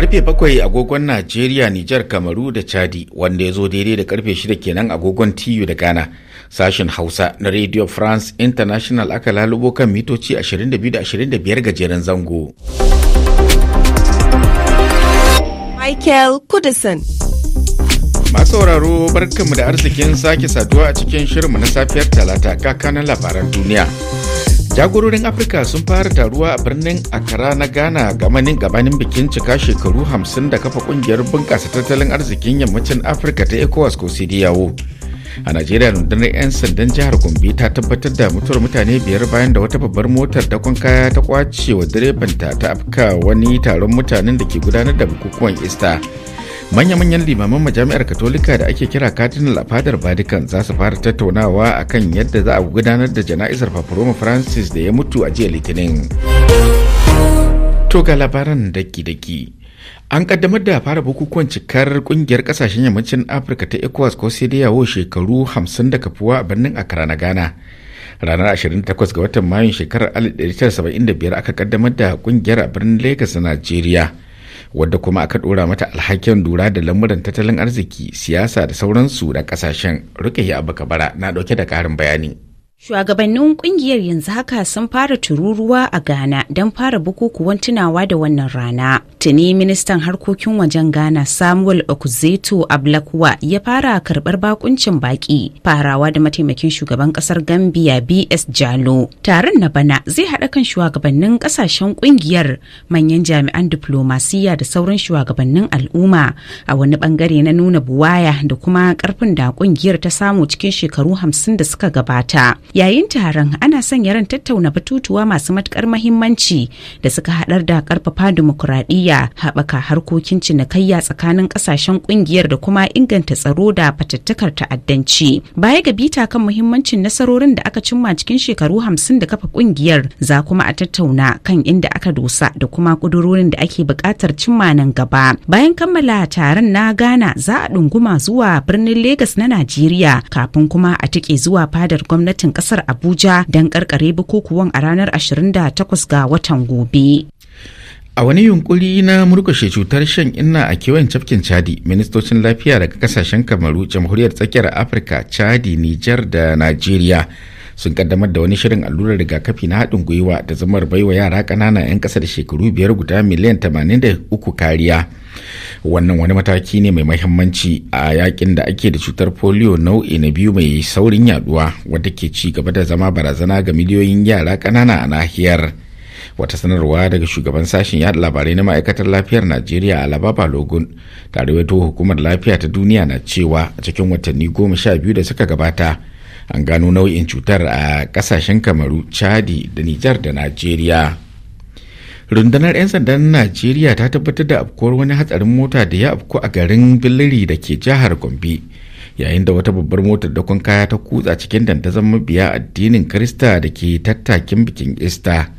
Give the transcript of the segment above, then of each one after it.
karfe bakwai agogon najeriya nijar kamaru da chadi wanda ya zo daidai da karfe shida kenan agogon tiyu da ghana sashen hausa na radio france international aka lalubo kan mitoci 22-25 gajeren zango michael kudison masu sauraro barkanmu da arzikin sake saduwa a cikin shirinmu na safiyar talata kakanan labaran duniya jagororin afirka sun fara taruwa a birnin akara na ghana gamanin gabanin bikin cika shekaru 50 da kafa kungiyar bunƙasa tattalin arzikin yammacin afirka ta ecowas ko cdao a najeriya rundunar 'yan sandan jihar gombe ta tabbatar da mutuwar mutane biyar bayan da wata babbar motar dakon kaya ta kwace wa direbanta ta afka wani taron mutanen da ke gudanar da bukukuwan ista manya-manyan limaman majami'ar katolika da ake kira cardinal a fadar vatican za su fara tattaunawa a kan yadda za a gudanar da jana'izar paparoma francis da ya mutu a jiya litinin toga labaran daki-daki an kaddamar da fara bukukuwan cikar kungiyar kasashen yammacin afirka ta ecowas ko sai dai shekaru 50 da kafuwa a birnin akara na ghana ranar 28 ga watan mayun shekarar 1975 aka kaddamar da kungiyar a birnin lagos na nigeria wadda kuma aka dora mata alhakin lura da lamuran tattalin arziki siyasa da sauransu da kasashen rukayi abu kabara na dauke da karin bayani Shugabannin kungiyar yanzu haka sun fara tururuwa a Ghana don fara bukukuwan tunawa da wannan rana. Tuni ministan harkokin wajen Ghana Samuel Okuzeto Ablakwa ya fara karbar bakuncin baki farawa da mataimakin shugaban kasar Gambia BS Jalo. Taron na bana zai haɗa kan shugabannin kasashen kungiyar manyan jami'an diplomasiya da sauran shugabannin al'umma a wani bangare na nuna buwaya da kuma karfin da kungiyar ta samu cikin shekaru hamsin da suka gabata. yayin taron ana sanya ran tattauna batutuwa masu matukar mahimmanci da suka haɗar da ƙarfafa dimokuraɗiyya haɓaka harkokin cinikayya tsakanin ƙasashen ƙungiyar da kuma inganta tsaro da fatattakar ta'addanci baya ga bita kan muhimmancin nasarorin da aka cimma cikin shekaru hamsin da kafa ƙungiyar za kuma a tattauna kan inda aka dosa da kuma ƙudurorin da ake buƙatar cimma nan gaba bayan kammala taron na ghana za a ɗunguma zuwa birnin Legas na najeriya kafin kuma a tike zuwa fadar gwamnatin kasar Abuja don karkare bukukuwan a ranar 28 ga watan gobe. A wani yunkuri na murkushe cutar shan inna a kewayen cafkin Chadi, ministocin lafiya daga kasashen Kamaru, jamhuriyar tsakiyar Afirka, Chadi, Nijar da Najeriya sun kaddamar da wani shirin allurar rigakafi na haɗin gwiwa da zamar baiwa yara ƙanana 'yan ƙasa da shekaru biyar guda miliyan 83 kariya wannan wani mataki ne mai mahimmanci a yakin da ake da cutar polio nau'i na biyu mai saurin yaduwa wadda ke ci gaba da zama barazana ga miliyoyin yara ƙanana a nahiyar wata sanarwa daga shugaban sashen yada labarai na ma'aikatar lafiyar najeriya alababa logun tare wato hukumar lafiya ta duniya na cewa a cikin watanni goma sha biyu da suka gabata an gano nau'in cutar a kasashen kamaru chadi da nijar da najeriya rundunar 'yan sandan najeriya ta tabbatar da afkuwar wani hatsarin mota da ya afku a garin biliri da ke jihar gombe yayin da wata babbar motar dakon kaya ta kutsa cikin dandazon mabiya addinin krista da ke tattakin bikin ista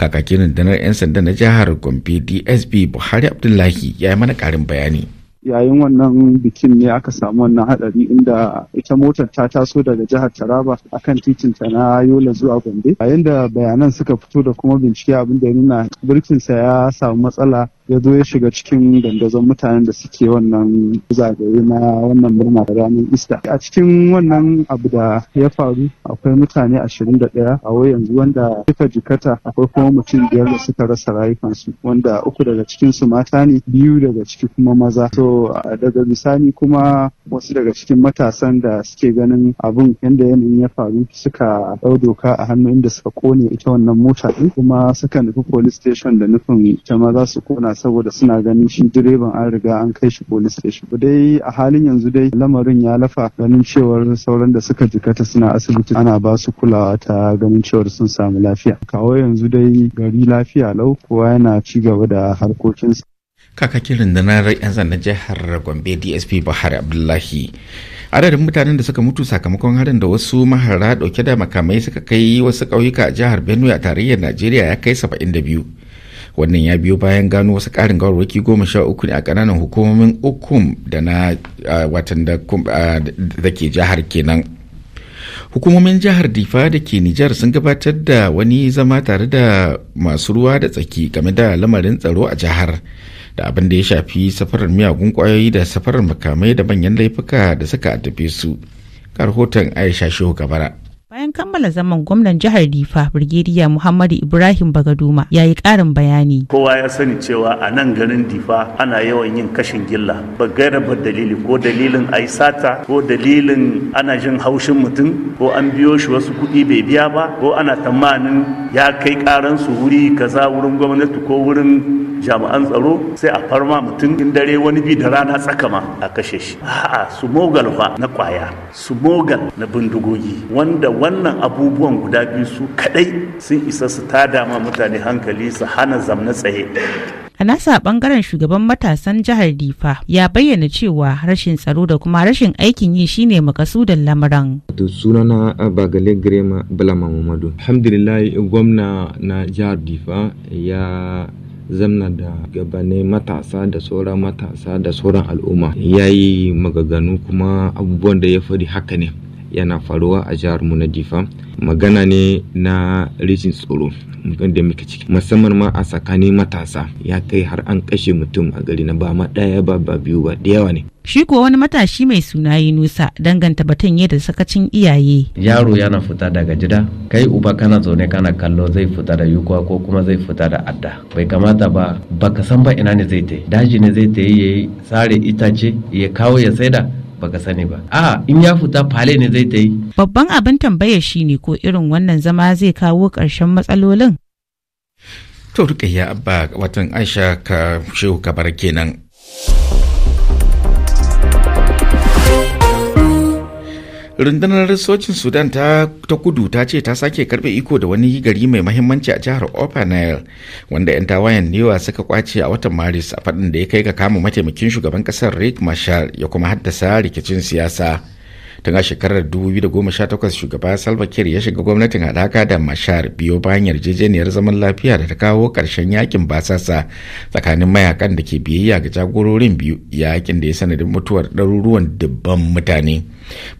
kakakin rundunar 'yan sanda na jihar gombe dsb buhari abdullahi ya yi mana karin bayani yayin wannan bikin ne aka samu wannan hadari inda ita motar ta taso daga jihar Taraba akan titin ta na Yola zuwa Gombe yayin da bayanan suka fito da kuma bincike abin da ya nuna birkinsa ya samu matsala ya zo ya shiga cikin dandazon mutanen da suke wannan zagaye na wannan murna da ranar Ista. A cikin wannan abu da ya faru akwai mutane ashirin da daya, a yanzu wanda suka jikata akwai kuma mutum biyar da suka rasa rayukansu wanda uku daga cikinsu mata ne biyu daga ciki kuma maza. To daga bisani kuma wasu daga cikin matasan da suke ganin abun yadda yanayin ya faru suka ɗau doka a hannu inda suka kone ita wannan mota ɗin kuma suka nufi police station da nufin ita ma za su kona saboda suna ganin shi direban an riga an kai shi police station dai a halin yanzu dai lamarin ya lafa ganin cewar sauran da suka jikata suna asibiti ana ba su kulawa ta ganin cewar sun samu lafiya kawo yanzu dai gari lafiya lau kowa yana ci gaba da harkokinsa kakakin rundunar 'yan sandan jihar gombe dsp buhari abdullahi adadin mutanen da suka mutu sakamakon harin da wasu mahara dauke da makamai suka kai wasu ƙauyuka a jihar benue a tarayyar najeriya ya kai 72 wannan ya biyo bayan gano wasu ƙarin gawarwaki goma sha uku ne a ƙananan hukumomin ukum da na watan da ke jihar kenan hukumomin jihar difa da ke nijar sun gabatar da wani zama tare da masu ruwa da tsaki game da lamarin tsaro a jihar da abin da ya shafi safarar miyagun kwayoyi da safarar makamai da manyan laifuka da suka tafi su rahoton aisha shehu gabara bayan kammala zaman gwamnan jihar difa birgediya muhammadu ibrahim bagaduma ya yi karin bayani kowa ya sani cewa a nan garin difa ana yawan yin kashin gilla ba gaira ba dalili ko dalilin ai sata ko dalilin ana jin haushin mutum ko an biyo shi wasu kuɗi bai biya ba ko ana tamanin ya kai karansu wuri kaza wurin gwamnati ko wurin jami'an tsaro sai a farma mutum in dare wani bi da rana tsakama a kashe shi a'a su mogal fa na kwaya su mogal na bindigogi wanda wannan abubuwan guda biyu su kadai sun isa su ta dama mutane hankali su hana zamna tsaye A nasa bangaren shugaban matasan jihar Difa ya bayyana cewa rashin tsaro da kuma rashin aikin yi shine makasudan lamuran. To sunana Bagale Grema Bala Mamadu. Alhamdulillah gwamna na jihar Difa ya zamna da gabane matasa da sauran matasa da sauran al'umma ya yi magaganu kuma abubuwan da ya faɗi haka ne yana faruwa a jihar mu na difa magana ne na rishin tsoro da muke ciki musamman ma a tsakanin matasa ya kai har an kashe mutum a gari na ba ma ɗaya ba ba biyu ba da yawa ne shi kuwa wani matashi mai suna nusa danganta batun yadda sakacin iyaye. Yaro yana fita daga gida, kai uba kana zaune kana kallo zai fita da yukuwa ko kuma zai fita da adda. Bai kamata ba, baka san ba ina ne zai ta Daji ne zai ta yi ya yi sare itace, ya kawo ya saida. baka sani ba a in ya fita fale ne zai ta yi babban abin tambaya ne ko irin wannan zama zai kawo ƙarshen matsalolin to rukayya abba watan aisha ka shehu kabar kenan rundunar sojin sudan ta, ta kudu ta ce ta sake karbe iko da wani gari mai mahimmanci a jihar opanel wanda 'yan tawayen newa suka kwace a watan maris a fadin da ya kai ga kama mataimakin shugaban kasar rick marshall ya kuma haddasa rikicin siyasa tun a shekarar 2018 shugaba salva kiir ya shiga gwamnatin hadaka da mashar biyo bayan yarjejeniyar zaman lafiya da ta kawo karshen yakin basasa tsakanin mayakan da ke biyayya ga jagororin biyu yakin da ya sanadin mutuwar ɗaruruwan dubban mutane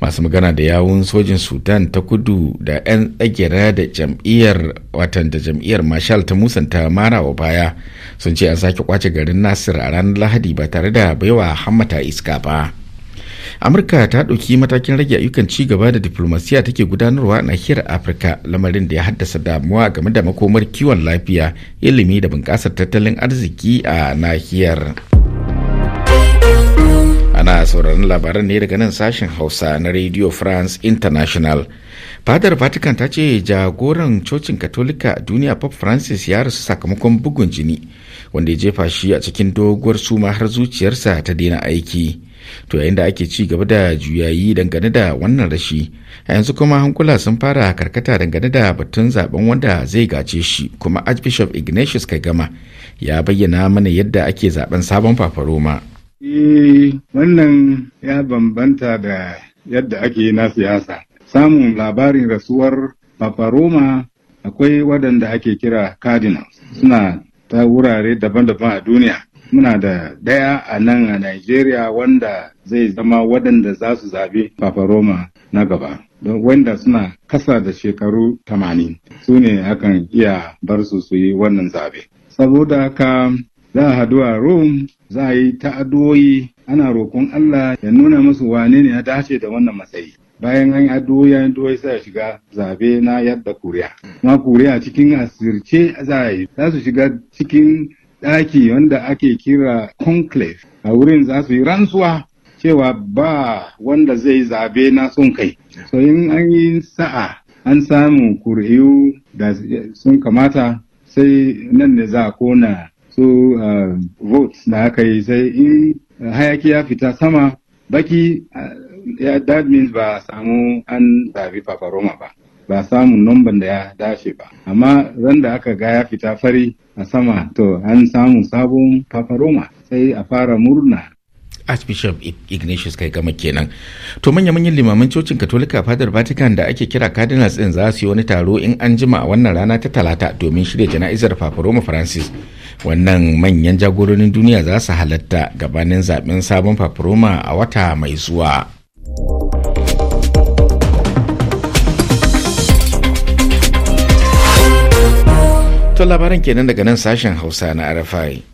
masu magana da yawun sojin sudan ta kudu da 'yan tsagera da jam'iyyar watan da jam'iyyar mashal ta musanta mara wa baya sun ce an sake kwace garin nasir a ranar lahadi ba tare da baiwa hammata iska ba amurka ta ɗauki matakin rage ayyukan ci gaba da diplomasiya take gudanarwa a nahiyar afirka lamarin da ya haddasa damuwa game da makomar kiwon lafiya ilimi da bunƙasar tattalin arziki a nahiyar ana sauraron labaran ne daga nan sashen hausa na radio france international fadar vatican ta ce jagoran cocin katolika a duniya pope francis ya rasu sakamakon bugun jini wanda ya jefa shi a cikin doguwar suma har zuciyarsa ta daina aiki to yayin da ake ci gaba da juyayi dangane da wannan rashi a yanzu kuma hankula sun fara karkata dangane da batun zaben wanda zai gace shi kuma archbishop ignatius gama ya bayyana mana yadda ake zaben sabon fafaroma e, wannan ya bambanta da yadda ake na siyasa samun labarin rasuwar fafaroma akwai waɗanda ake kira cardinals suna ta wurare daban-daban a duniya muna da daya a nan a Najeriya wanda zai zama waɗanda za su zabe Roma na gaba. wanda suna kasa da shekaru tamanin. su ne akan iya bar su su yi wannan zabe. Saboda haka za a haduwa Rome za a yi ta'adoyi ana roƙon Allah ya nuna musu wane ne ya dace da wannan matsayi. Bayan an yi addu'o'i an addu'o'i sai shiga zabe na yadda kuriya. Ma kuriya cikin asirce za a yi za su shiga cikin ɗaki wanda ake kira conclave a wurin za su yi rantsuwa cewa ba wanda zai zabe na sun kai so in an yi sa'a an samu kuri'u da sun kamata sai nan ne za a kona su um, votes da aka yi sai in hayaki ya fita sama baki uh, that means ba samu an zabi fafaroma ba ba samun numban da ya dace ba amma zan da aka ga ya fita fari a sama to an samu sabon paparoma sai a fara murna archbishop ignatius kai gama kenan to manya manyan limaman cocin katolika fadar vatican da ake kira cardinals din za su yi wani taro in an jima a wannan rana ta talata domin shirya jana'izar papa roma francis wannan manyan jagororin duniya za su halatta gabanin zaben sabon papa a wata mai zuwa To labaran kenan daga nan sashen Hausa na RFI.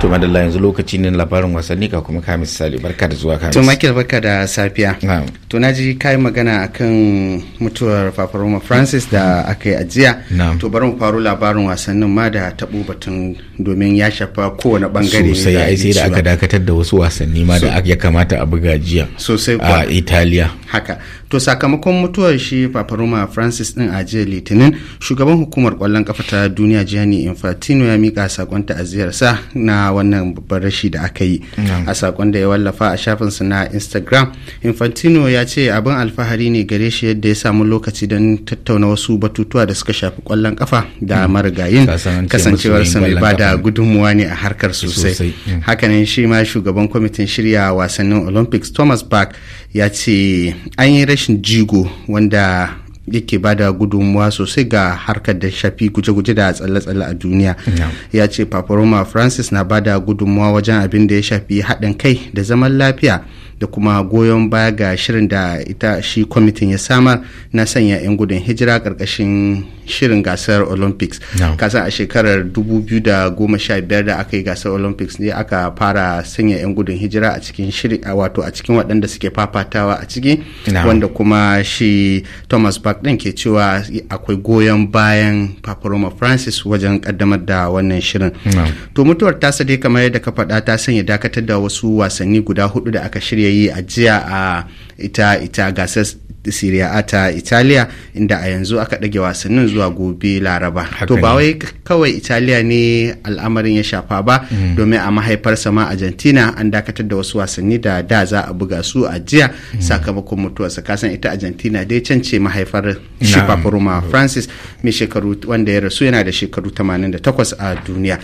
to madalla yanzu lokaci ne labarin wasanni ka kuma kamis sali barka da zuwa kamis to michael barka da safiya to na ji kai magana akan mutuwar papa roma francis da aka yi ajiya to bari mu faro labarin wasannin ma da tabo batun domin ya shafa kowane bangare sosai ai sai da aka dakatar da wasu wasanni ma da ya kamata a buga jiya sosai a italiya haka to sakamakon mutuwar shi papa roma francis din a jiya litinin shugaban hukumar kwallon kafa ta duniya gianni infantino ya mika sakon ta'aziyarsa na wannan babban rashi da aka yi a sakon da ya wallafa a shafinsa na instagram infantino ya ce abin alfahari ne gare shi yadda ya samu lokaci don tattauna wasu batutuwa da suka shafi kwallon kafa da mm. marigayin kasancewarsa mai bada da gudunmuwa ne a harkar sosai mm. hakanan shi ma shugaban kwamitin shirya wasannin olympics thomas park ya ce an yi rashin jigo wanda yake ba da gudunmuwa sosai ga harkar da shafi guje-guje da tsalle-tsalle a duniya ya ce papa francis na ba da gudunmuwa wajen abin da ya shafi haɗin kai da zaman lafiya da kuma goyon baya ga shirin da ita shi kwamitin ya samar na sanya 'yan gudun hijira karkashin shirin gasar olympics kasan a shekarar 2015 da aka yi gasar olympics ne aka fara sanya 'yan gudun hijira a cikin shirin wato a cikin waɗanda suke fafatawa a ciki wanda kuma shi thomas park ɗin ke cewa akwai goyon bayan paparoma francis wajen kaddamar da wannan shirin to mutuwar tasa dai kamar yadda ka faɗa ta sanya dakatar da wasu wasanni guda hudu da aka shirya ya yi a jiya a ita ita gasar Siriya A ta Italiya inda a yanzu aka ɗage wasannin zuwa gobe Laraba. To ba wai kawai Italiya ne al'amarin ya shafa ba mm. domin a mahaifarsa ma Argentina an dakatar da wasu wasanni da da za a buga su a jiya mm. sakamakon mutuwarsa kasan ita Argentina dai can ce mahaifar shi Roma Francis mai shekaru wanda ya rasu yana da shekaru 88 a duniya.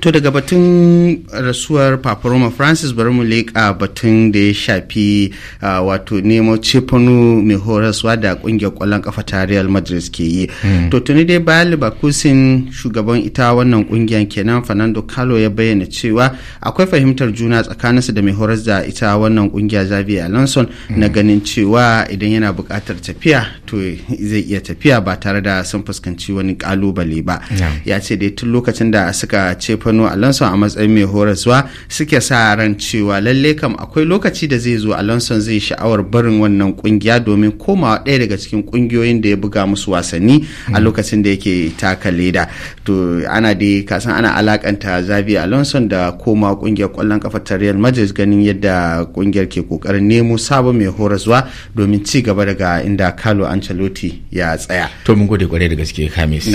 to daga batun rasuwar paparoma francis bari mu leƙa batun da ya shafi wato nemo cefanu mai horaswa da ƙungiyar kwallon kafa ta real madrid ke yi hmm. to tuni dai bayan libakusin shugaban ita wannan ƙungiyar kenan fernando carlo ya bayyana cewa akwai fahimtar juna tsakaninsu da mai horas da ita wannan ƙungiya zabi alonso hmm. na ganin cewa idan yana buƙatar tafiya to zai iya tafiya ba tare da sun fuskanci wani ƙalubale ba ya ce dai tun lokacin da suka ce fano alonso a matsayin mai horaswa suke sa ran cewa lalle kam akwai lokaci da zai zo alonso zai sha'awar barin wannan kungiya domin komawa ɗaya daga cikin kungiyoyin da ya buga musu wasanni a hmm. lokacin da yake taka leda to ana dai kasan ana alakanta zabi alonso da koma kungiyar kwallon kafa ta real madrid ganin yadda kungiyar ke kokarin nemo sabon mai horaswa domin ci gaba daga inda carlo ancelotti ya tsaya to mun gode kwarai da gaske kamis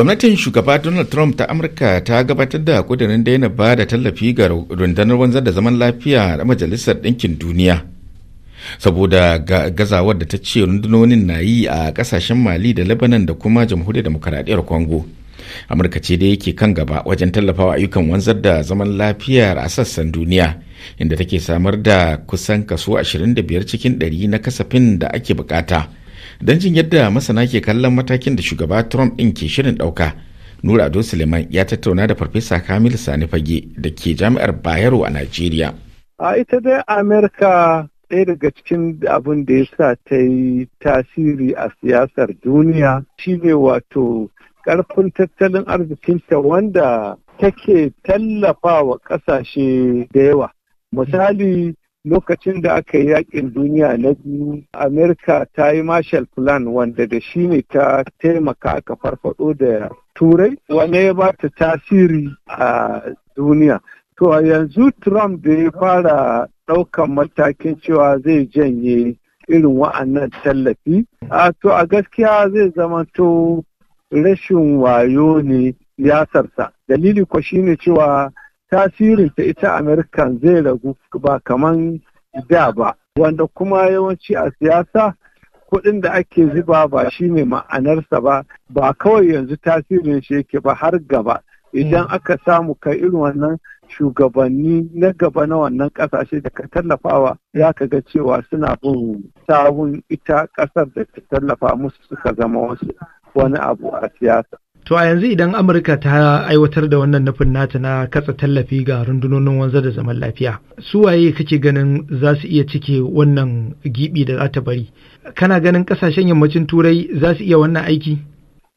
Gwamnatin shugaba Donald Trump ta Amurka ta gabatar da kudirin daina ba da tallafi ga rundunar wanzar da zaman lafiya da Majalisar Ɗinkin Duniya. Saboda gazawar da ta ce rundunonin na yi a ƙasashen Mali da Lebanon da kuma Jamhuriyar Demokaradiyyar Congo. Amurka ce da yake kan gaba wajen tallafawa ayyukan wanzar da zaman lafiya a sassan duniya, inda take samar da kusan kaso 25 cikin 100 na kasafin da ake bukata. don jin yadda masana ke kallon matakin da shugaba trump ɗin ke shirin ɗauka nura ado suleiman ya tattauna da farfesa kamil sani fage da ke jami'ar bayero a najeriya a ita dai amerika ɗaya daga cikin abin da ya sa ta yi tasiri a siyasar duniya shine wato ƙarfin tattalin arzikinta wanda take tallafa wa ƙasashe da yawa misali lokacin da aka yi yakin duniya na biyu amerika ta yi marshall plan wanda da shi ne ta taimaka aka farfado da turai wanda ya ba ta tasiri a duniya to yanzu trump da ya fara ɗaukan matakin cewa zai janye irin wa'annan tallafi a to a gaskiya zai zama to rashin wayo ne yasarsa dalili kwa shine cewa tasirin ta ita american zai ragu ba kaman da ba wanda kuma yawanci a siyasa kuɗin da ake zuba ba shi ne ma'anarsa ba ba kawai yanzu tasirin shi yake ba har gaba idan mm. aka samu kai irin wannan shugabanni na gaba na wannan kasashe da ka tallafawa ya ka ga cewa suna bin sabon ita kasar da ta tallafa musu suka zama wasu wani abu a siyasa To a yanzu idan Amurka ta aiwatar da wannan nufin nata na katsa tallafi ga rundunonin wanzar da zaman lafiya, su waye kake ganin za su iya cike wannan gibi da za ta bari? Kana ganin kasashen yammacin turai za su iya wannan aiki?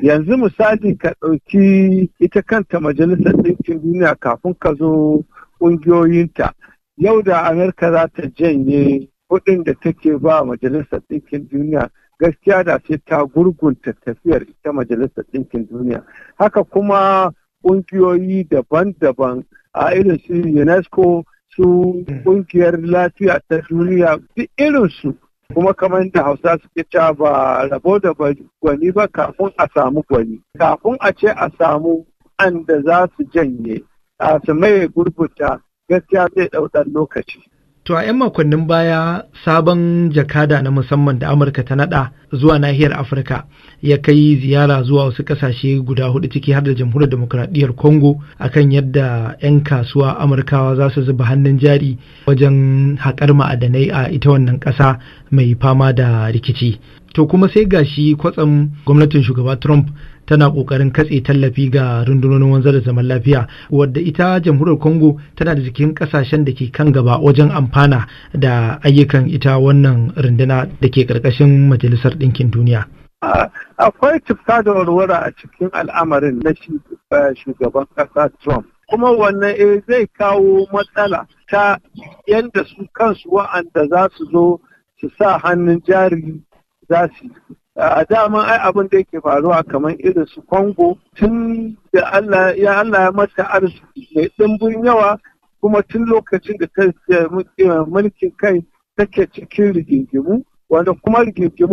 Yanzu misali ka ɗauki ita kanta majalisar ɗinkin duniya kafin ka zo ƙungiyoyinta. Yau da Amurka za ta janye kuɗin da take ba majalisar ɗinkin duniya gaskiya da sai ta gurgunta tafiyar ita majalisar ɗinkin duniya haka kuma ƙungiyoyi daban-daban a irin su unesco su ƙungiyar lafiya ta duniya duk irinsu kuma kamar da hausa suke cewa ba rabo da gwani ba kafin a samu gwani kafin a ce a samu an da za su janye a su maye gurbuta gaskiya zai ɗau ɗan lokaci To a 'yan makonnin baya sabon jakada na musamman da Amurka ta nada zuwa nahiyar Afirka ya kai ziyara zuwa wasu kasashe guda hudu ciki har da jamhuriyar demokuraɗiyyar Congo akan yadda 'yan kasuwa Amurkawa za su zuba hannun jari wajen haƙar ma'adanai a ita wannan ƙasa mai fama da rikici. to kuma sai gashi kwatsam gwamnatin shugaba trump tana kokarin katse tallafi ga rundunonin wanzar da zaman lafiya wadda ita jamhuriyar congo tana da jikin kasashen da ke kan gaba wajen amfana da ayyukan ita wannan runduna da ke karkashin majalisar ɗinkin duniya akwai cuta da warware a cikin al'amarin na eh, shugaban ƙasa trump kuma wannan eh, zai kawo matsala ta yadda su kansu wa'anda za su zo su sa hannun jari za su a dama ai abin da yake faruwa kamar irin su kwango tun da Allah ya Allah ya mata arziki mai dimbin yawa kuma tun lokacin da ta mulkin kai take cikin rigingimu wanda kuma rigingimu